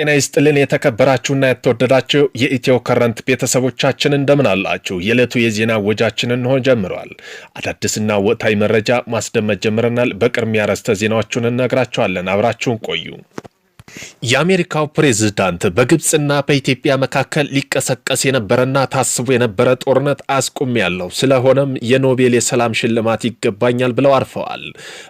ጤና ይስጥልን የተከበራችሁና የተወደዳችሁ የኢትዮ ከረንት ቤተሰቦቻችን እንደምን አላችሁ? የዕለቱ የዜና ወጃችን እንሆ ጀምረዋል። አዳዲስና ወቅታዊ መረጃ ማስደመጥ ጀምረናል። በቅድሚያ ረስተ ዜናዎቹን እነግራችኋለን። አብራችሁን ቆዩ። የአሜሪካው ፕሬዝዳንት በግብፅና በኢትዮጵያ መካከል ሊቀሰቀስ የነበረና ታስቦ የነበረ ጦርነት አስቁም ያለው ስለሆነም የኖቤል የሰላም ሽልማት ይገባኛል ብለው አርፈዋል።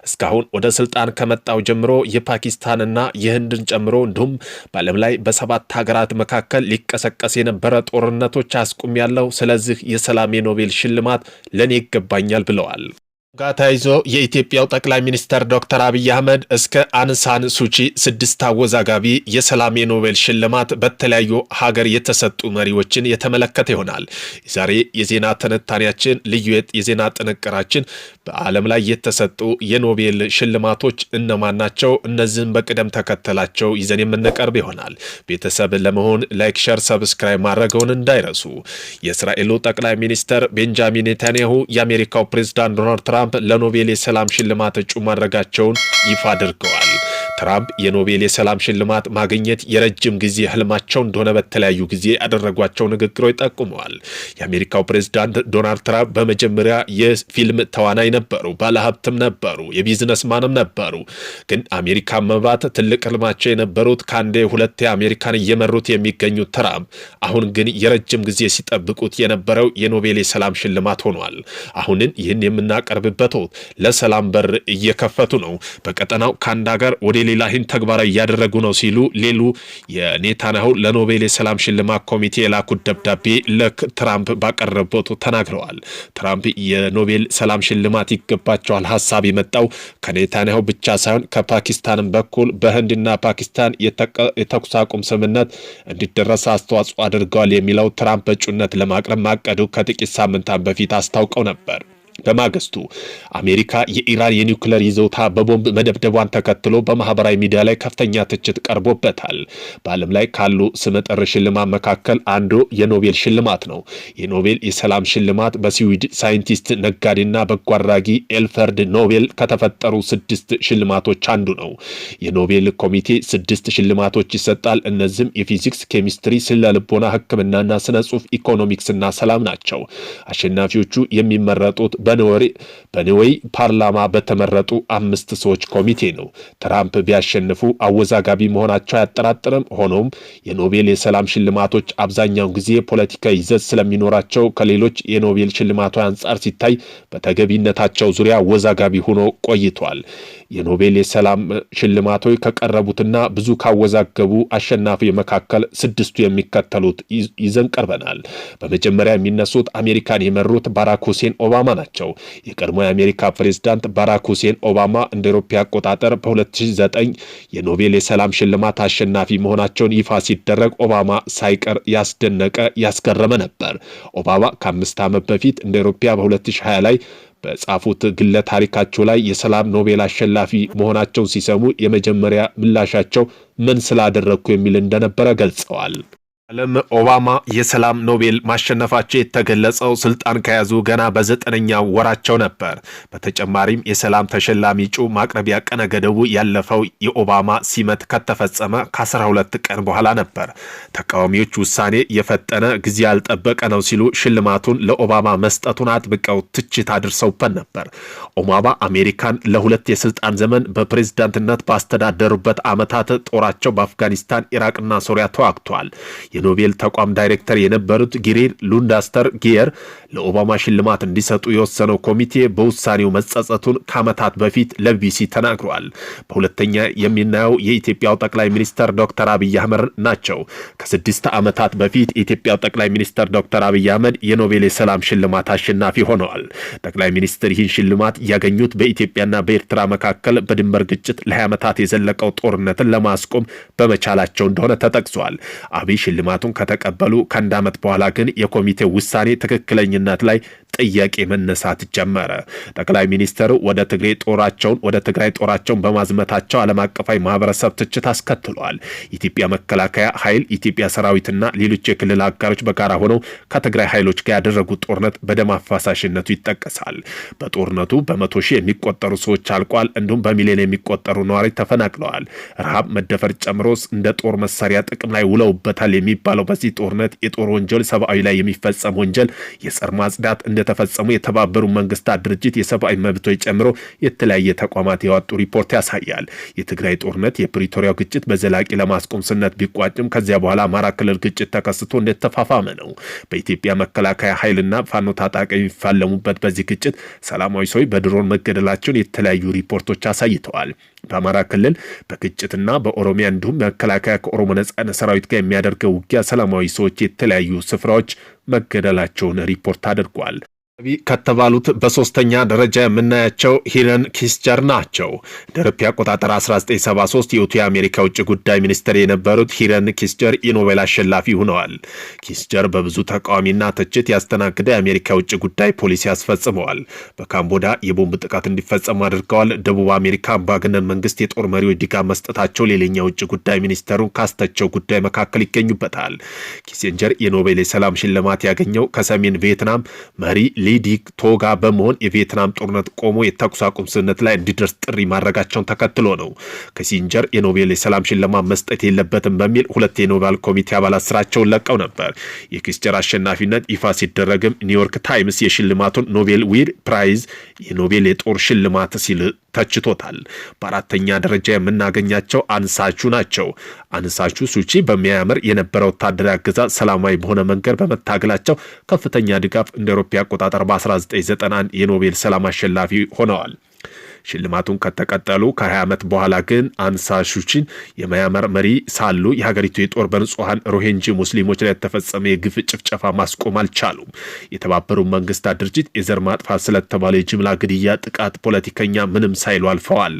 እስካሁን ወደ ስልጣን ከመጣው ጀምሮ የፓኪስታንና የህንድን ጨምሮ እንዲሁም በዓለም ላይ በሰባት ሀገራት መካከል ሊቀሰቀስ የነበረ ጦርነቶች አስቁም ያለው ስለዚህ የሰላም የኖቤል ሽልማት ለእኔ ይገባኛል ብለዋል። ጋር ተያይዞ የኢትዮጵያው ጠቅላይ ሚኒስተር ዶክተር አብይ አህመድ እስከ አንሳን ሱቺ ስድስት አወዛጋቢ የሰላም የኖቤል ሽልማት በተለያዩ ሀገር የተሰጡ መሪዎችን የተመለከተ ይሆናል። ዛሬ የዜና ትንታኔያችን ልዩ የዜና ጥንቅራችን በዓለም ላይ የተሰጡ የኖቤል ሽልማቶች እነማን ናቸው? እነዚህም በቅደም ተከተላቸው ይዘን የምንቀርብ ይሆናል። ቤተሰብ ለመሆን ላይክ፣ ሸር፣ ሰብስክራይብ ማድረገውን እንዳይረሱ። የእስራኤሉ ጠቅላይ ሚኒስተር ቤንጃሚን ኔታንያሁ፣ የአሜሪካው ፕሬዝዳንት ዶናልድ ትራምፕ ትራምፕ ለኖቤል የሰላም ሽልማት እጩ ማድረጋቸውን ይፋ አድርገዋል። ትራምፕ የኖቤል የሰላም ሽልማት ማግኘት የረጅም ጊዜ ህልማቸው እንደሆነ በተለያዩ ጊዜ ያደረጓቸው ንግግሮች ጠቁመዋል። የአሜሪካው ፕሬዝዳንት ዶናልድ ትራምፕ በመጀመሪያ የፊልም ተዋናይ ነበሩ፣ ባለሀብትም ነበሩ፣ የቢዝነስማንም ነበሩ። ግን አሜሪካን መምራት ትልቅ ህልማቸው የነበሩት ከአንዴ ሁለቴ አሜሪካን እየመሩት የሚገኙት ትራምፕ አሁን ግን የረጅም ጊዜ ሲጠብቁት የነበረው የኖቤል የሰላም ሽልማት ሆኗል። አሁንን ይህን የምናቀርብበት ለሰላም በር እየከፈቱ ነው። በቀጠናው ከአንድ ሀገር ወደ ሌላ ይህን ተግባራዊ እያደረጉ ነው ሲሉ ሌሉ የኔታንያሁ ለኖቤል የሰላም ሽልማት ኮሚቴ የላኩት ደብዳቤ ለትራምፕ ባቀረቡት ተናግረዋል። ትራምፕ የኖቤል ሰላም ሽልማት ይገባቸዋል ሀሳብ የመጣው ከኔታንያሁ ብቻ ሳይሆን ከፓኪስታንም በኩል በህንድና ፓኪስታን የተኩስ አቁም ስምምነት እንዲደረስ አስተዋጽኦ አድርገዋል የሚለው ትራምፕ እጩነት ለማቅረብ ማቀዱ ከጥቂት ሳምንታት በፊት አስታውቀው ነበር። በማግስቱ አሜሪካ የኢራን የኒውክለር ይዞታ በቦምብ መደብደቧን ተከትሎ በማህበራዊ ሚዲያ ላይ ከፍተኛ ትችት ቀርቦበታል። በዓለም ላይ ካሉ ስመጥር ሽልማት መካከል አንዱ የኖቤል ሽልማት ነው። የኖቤል የሰላም ሽልማት በስዊድ ሳይንቲስት ነጋዴና በጎ አድራጊ ኤልፈርድ ኖቤል ከተፈጠሩ ስድስት ሽልማቶች አንዱ ነው። የኖቤል ኮሚቴ ስድስት ሽልማቶች ይሰጣል። እነዚህም የፊዚክስ፣ ኬሚስትሪ፣ ስነ ልቦና፣ ህክምናና ስነ ጽሁፍ፣ ኢኮኖሚክስና ሰላም ናቸው። አሸናፊዎቹ የሚመረጡት በኖዌይ ፓርላማ በተመረጡ አምስት ሰዎች ኮሚቴ ነው። ትራምፕ ቢያሸንፉ አወዛጋቢ መሆናቸው አያጠራጥርም። ሆኖም የኖቤል የሰላም ሽልማቶች አብዛኛውን ጊዜ ፖለቲካዊ ይዘት ስለሚኖራቸው ከሌሎች የኖቤል ሽልማቶች አንጻር ሲታይ በተገቢነታቸው ዙሪያ አወዛጋቢ ሆኖ ቆይቷል። የኖቤል የሰላም ሽልማቶች ከቀረቡትና ብዙ ካወዛገቡ አሸናፊ መካከል ስድስቱ የሚከተሉት ይዘን ቀርበናል። በመጀመሪያ የሚነሱት አሜሪካን የመሩት ባራክ ሁሴን ኦባማ ናቸው። ናቸው። የቀድሞ የአሜሪካ ፕሬዝዳንት ባራክ ሁሴን ኦባማ እንደ አውሮፓ አቆጣጠር በ2009 የኖቤል የሰላም ሽልማት አሸናፊ መሆናቸውን ይፋ ሲደረግ ኦባማ ሳይቀር ያስደነቀ ያስገረመ ነበር። ኦባማ ከአምስት ዓመት በፊት እንደ አውሮፓ በ2020 ላይ በጻፉት ግለ ታሪካቸው ላይ የሰላም ኖቤል አሸናፊ መሆናቸውን ሲሰሙ የመጀመሪያ ምላሻቸው ምን ስላደረግኩ የሚል እንደነበረ ገልጸዋል። አለም ኦባማ የሰላም ኖቤል ማሸነፋቸው የተገለጸው ስልጣን ከያዙ ገና በዘጠነኛ ወራቸው ነበር። በተጨማሪም የሰላም ተሸላሚ እጩ ማቅረቢያ ቀነ ገደቡ ያለፈው የኦባማ ሲመት ከተፈጸመ ከ12 ቀን በኋላ ነበር። ተቃዋሚዎች ውሳኔ የፈጠነ ጊዜ ያልጠበቀ ነው ሲሉ ሽልማቱን ለኦባማ መስጠቱን አጥብቀው ትችት አድርሰውበት ነበር። ኦባማ አሜሪካን ለሁለት የስልጣን ዘመን በፕሬዝዳንትነት ባስተዳደሩበት ዓመታት ጦራቸው በአፍጋኒስታን፣ ኢራቅና ሶሪያ ተዋግቷል። የኖቤል ተቋም ዳይሬክተር የነበሩት ጊሪ ሉንዳስተር ጊየር ለኦባማ ሽልማት እንዲሰጡ የወሰነው ኮሚቴ በውሳኔው መጸጸቱን ከዓመታት በፊት ለቢቢሲ ተናግረዋል። በሁለተኛ የሚናየው የኢትዮጵያው ጠቅላይ ሚኒስተር ዶክተር አብይ አህመድ ናቸው። ከስድስት ዓመታት በፊት የኢትዮጵያው ጠቅላይ ሚኒስተር ዶክተር አብይ አህመድ የኖቤል የሰላም ሽልማት አሸናፊ ሆነዋል። ጠቅላይ ሚኒስትር ይህን ሽልማት ያገኙት በኢትዮጵያና በኤርትራ መካከል በድንበር ግጭት ለ20 ዓመታት የዘለቀው ጦርነትን ለማስቆም በመቻላቸው እንደሆነ ተጠቅሷል። አብይ ሽልማ ሽልማቱን ከተቀበሉ ከአንድ ዓመት በኋላ ግን የኮሚቴው ውሳኔ ትክክለኝነት ላይ ጥያቄ መነሳት ጀመረ። ጠቅላይ ሚኒስትሩ ወደ ትግሬ ጦራቸውን ወደ ትግራይ ጦራቸውን በማዝመታቸው ዓለም አቀፋዊ ማህበረሰብ ትችት አስከትሏል። ኢትዮጵያ መከላከያ ኃይል፣ ኢትዮጵያ ሰራዊትና ሌሎች የክልል አጋሮች በጋራ ሆነው ከትግራይ ኃይሎች ጋር ያደረጉት ጦርነት በደም አፋሳሽነቱ ይጠቀሳል። በጦርነቱ በመቶ ሺህ የሚቆጠሩ ሰዎች አልቋል። እንዲሁም በሚሊዮን የሚቆጠሩ ነዋሪ ተፈናቅለዋል። ረሃብ፣ መደፈር ጨምሮስ እንደ ጦር መሳሪያ ጥቅም ላይ ውለውበታል የሚ የሚባለው በዚህ ጦርነት የጦር ወንጀል፣ ሰብአዊ ላይ የሚፈጸም ወንጀል፣ የጸር ማጽዳት እንደተፈጸሙ የተባበሩ መንግስታት ድርጅት የሰብአዊ መብቶች ጨምሮ የተለያየ ተቋማት ያወጡ ሪፖርት ያሳያል። የትግራይ ጦርነት የፕሪቶሪያው ግጭት በዘላቂ ለማስቆም ስነት ቢቋጭም ከዚያ በኋላ አማራ ክልል ግጭት ተከስቶ እንደተፋፋመ ነው። በኢትዮጵያ መከላከያ ኃይልና ፋኖ ታጣቂ የሚፋለሙበት በዚህ ግጭት ሰላማዊ ሰዎች በድሮን መገደላቸውን የተለያዩ ሪፖርቶች አሳይተዋል። በአማራ ክልል በግጭትና በኦሮሚያ እንዲሁም መከላከያ ከኦሮሞ ነጻነት ሰራዊት ጋር የሚያደርገው ውጊያ ሰላማዊ ሰዎች የተለያዩ ስፍራዎች መገደላቸውን ሪፖርት አድርጓል። ከተባሉት በሶስተኛ ደረጃ የምናያቸው ሂለን ኪስቸር ናቸው። እንደ አውሮፓ አቆጣጠር 1973 የወቅቱ የአሜሪካ ውጭ ጉዳይ ሚኒስትር የነበሩት ሂለን ኪስቸር የኖቤል አሸላፊ ሆነዋል። ኪስቸር በብዙ ተቃዋሚና ትችት ያስተናገደ የአሜሪካ ውጭ ጉዳይ ፖሊሲ አስፈጽመዋል። በካምቦዳ የቦምብ ጥቃት እንዲፈጸም አድርገዋል። ደቡብ አሜሪካ አምባገነን መንግስት የጦር መሪዎች ድጋፍ መስጠታቸው ሌላኛ ውጭ ጉዳይ ሚኒስተሩን ካስተቸው ጉዳይ መካከል ይገኙበታል። ኪሲንጀር የኖቤል የሰላም ሽልማት ያገኘው ከሰሜን ቪየትናም መሪ ሌዲ ቶጋ በመሆን የቪየትናም ጦርነት ቆሞ የተኩስ አቁም ስምምነት ላይ እንዲደርስ ጥሪ ማድረጋቸውን ተከትሎ ነው። ከሲንጀር የኖቤል የሰላም ሽልማት መስጠት የለበትም በሚል ሁለት የኖቤል ኮሚቴ አባላት ስራቸውን ለቀው ነበር። የኪስጀር አሸናፊነት ይፋ ሲደረግም ኒውዮርክ ታይምስ የሽልማቱን ኖቤል ዊር ፕራይዝ የኖቤል የጦር ሽልማት ሲል ተችቶታል። በአራተኛ ደረጃ የምናገኛቸው አንሳቹ ናቸው። አንሳቹ ሱቺ በሚያምር የነበረ ወታደራዊ አገዛዝ ሰላማዊ በሆነ መንገድ በመታገላቸው ከፍተኛ ድጋፍ እንደ አውሮፓ አቆጣጠር በ1991 የኖቤል ሰላም አሸናፊ ሆነዋል። ሽልማቱን ከተቀጠሉ ከ20 ዓመት በኋላ ግን ሹቺን የማያመር መሪ ሳሉ የሀገሪቱ የጦር በንጹሐን ሮሄንጂ ሙስሊሞች ላይ የተፈጸመ የግፍ ጭፍጨፋ ማስቆም አልቻሉም። የተባበሩ መንግስታት ድርጅት የዘር ማጥፋት ስለተባለ የጅምላ ግድያ ጥቃት ፖለቲከኛ ምንም ሳይሉ አልፈዋል።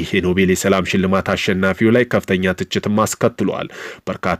ይህ የኖቤል የሰላም ሽልማት አሸናፊው ላይ ከፍተኛ ትችትም አስከትሏል። በርካታ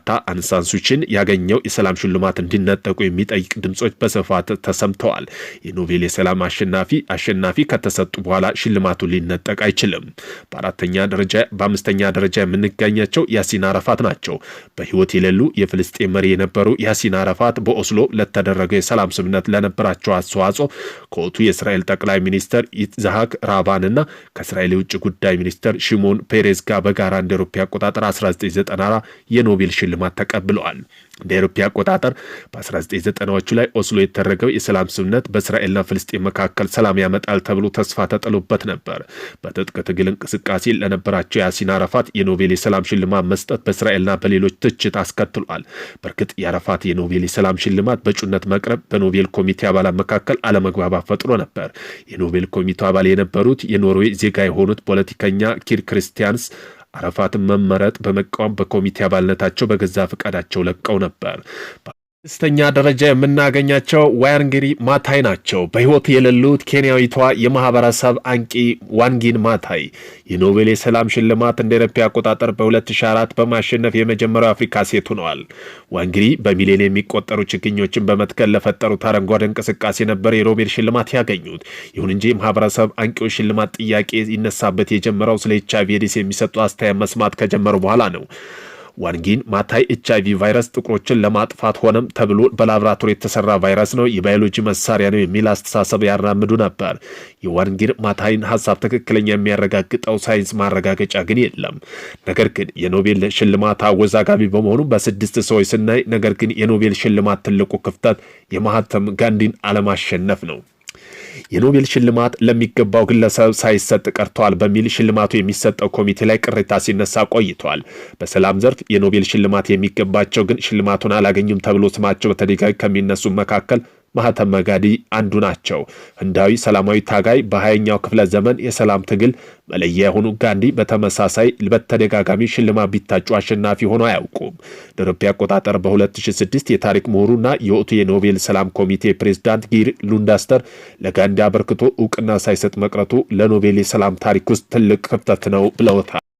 ሱቺን ያገኘው የሰላም ሽልማት እንዲነጠቁ የሚጠይቅ ድምጾች በስፋት ተሰምተዋል። የኖቤል የሰላም አሸናፊ አሸናፊ ከተሰጡ በኋላ ሽልማቱን ሊነጠቅ አይችልም። በአራተኛ ደረጃ በአምስተኛ ደረጃ የምንገኛቸው ያሲን አረፋት ናቸው። በህይወት የሌሉ የፍልስጤን መሪ የነበሩ ያሲን አረፋት በኦስሎ ለተደረገው የሰላም ስምነት ለነበራቸው አስተዋጽኦ ከወቱ የእስራኤል ጠቅላይ ሚኒስትር ይትዛሃክ ራቫንና ከእስራኤል የውጭ ጉዳይ ሚኒስትር ሽሞን ፔሬዝ ጋር በጋራ እንደ አውሮፓ አቆጣጠር 1994 የኖቤል ሽልማት ተቀብለዋል። እንደ አውሮፓ አቆጣጠር በ1990ዎቹ ላይ ኦስሎ የተደረገው የሰላም ስምነት በእስራኤልና ፍልስጤን መካከል ሰላም ያመጣል ተብሎ ተስፋ ተጥሎበት ነበር። ነበር። በትጥቅ ትግል እንቅስቃሴ ለነበራቸው የያሲን አረፋት የኖቤል የሰላም ሽልማት መስጠት በእስራኤልና በሌሎች ትችት አስከትሏል። በእርግጥ የአረፋት የኖቤል የሰላም ሽልማት በእጩነት መቅረብ በኖቤል ኮሚቴ አባላት መካከል አለመግባባት ፈጥሮ ነበር። የኖቤል ኮሚቴው አባል የነበሩት የኖርዌይ ዜጋ የሆኑት ፖለቲከኛ ኪር ክርስቲያንስ አረፋትን መመረጥ በመቃወም በኮሚቴ አባልነታቸው በገዛ ፈቃዳቸው ለቀው ነበር። ስተኛ ደረጃ የምናገኛቸው ዋንጊሪ ማታይ ናቸው። በሕይወት የሌሉት ኬንያዊቷ የማህበረሰብ አንቂ ዋንጊን ማታይ የኖቤል የሰላም ሽልማት እንደ ኤሮፓ አቆጣጠር በ2004 በማሸነፍ የመጀመሪያው አፍሪካ ሴት ሆነዋል። ዋንግሪ በሚሊዮን የሚቆጠሩ ችግኞችን በመትከል ለፈጠሩት አረንጓዴ እንቅስቃሴ ነበር የኖቤል ሽልማት ያገኙት። ይሁን እንጂ የማህበረሰብ አንቂዎች ሽልማት ጥያቄ ይነሳበት የጀመረው ስለ ኤች አይ ቪ ኤድስ የሚሰጡ አስተያየት መስማት ከጀመሩ በኋላ ነው። ዋንጊን ማታይ ኤች አይቪ ቫይረስ ጥቁሮችን ለማጥፋት ሆነም ተብሎ በላብራቶሪ የተሰራ ቫይረስ ነው፣ የባዮሎጂ መሳሪያ ነው የሚል አስተሳሰብ ያራምዱ ነበር። የዋንጊን ማታይን ሀሳብ ትክክለኛ የሚያረጋግጠው ሳይንስ ማረጋገጫ ግን የለም። ነገር ግን የኖቤል ሽልማት አወዛጋቢ በመሆኑ በስድስት ሰዎች ስናይ፣ ነገር ግን የኖቤል ሽልማት ትልቁ ክፍተት የማህተም ጋንዲን አለማሸነፍ ነው። የኖቤል ሽልማት ለሚገባው ግለሰብ ሳይሰጥ ቀርተዋል በሚል ሽልማቱ የሚሰጠው ኮሚቴ ላይ ቅሬታ ሲነሳ ቆይቷል። በሰላም ዘርፍ የኖቤል ሽልማት የሚገባቸው ግን ሽልማቱን አላገኙም ተብሎ ስማቸው በተደጋጋሚ ከሚነሱ መካከል ማህተመ ጋዲ አንዱ ናቸው። ህንዳዊ ሰላማዊ ታጋይ በሀያኛው ክፍለ ዘመን የሰላም ትግል መለያ የሆኑ ጋንዲ በተመሳሳይ በተደጋጋሚ ሽልማት ቢታጩ አሸናፊ ሆኖ አያውቁም። ለኢትዮጵያ አቆጣጠር በ2006 የታሪክ ምሁሩና የወቅቱ የኖቤል ሰላም ኮሚቴ ፕሬዝዳንት ጊር ሉንዳስተር ለጋንዲ አበርክቶ እውቅና ሳይሰጥ መቅረቱ ለኖቤል የሰላም ታሪክ ውስጥ ትልቅ ክፍተት ነው ብለውታል።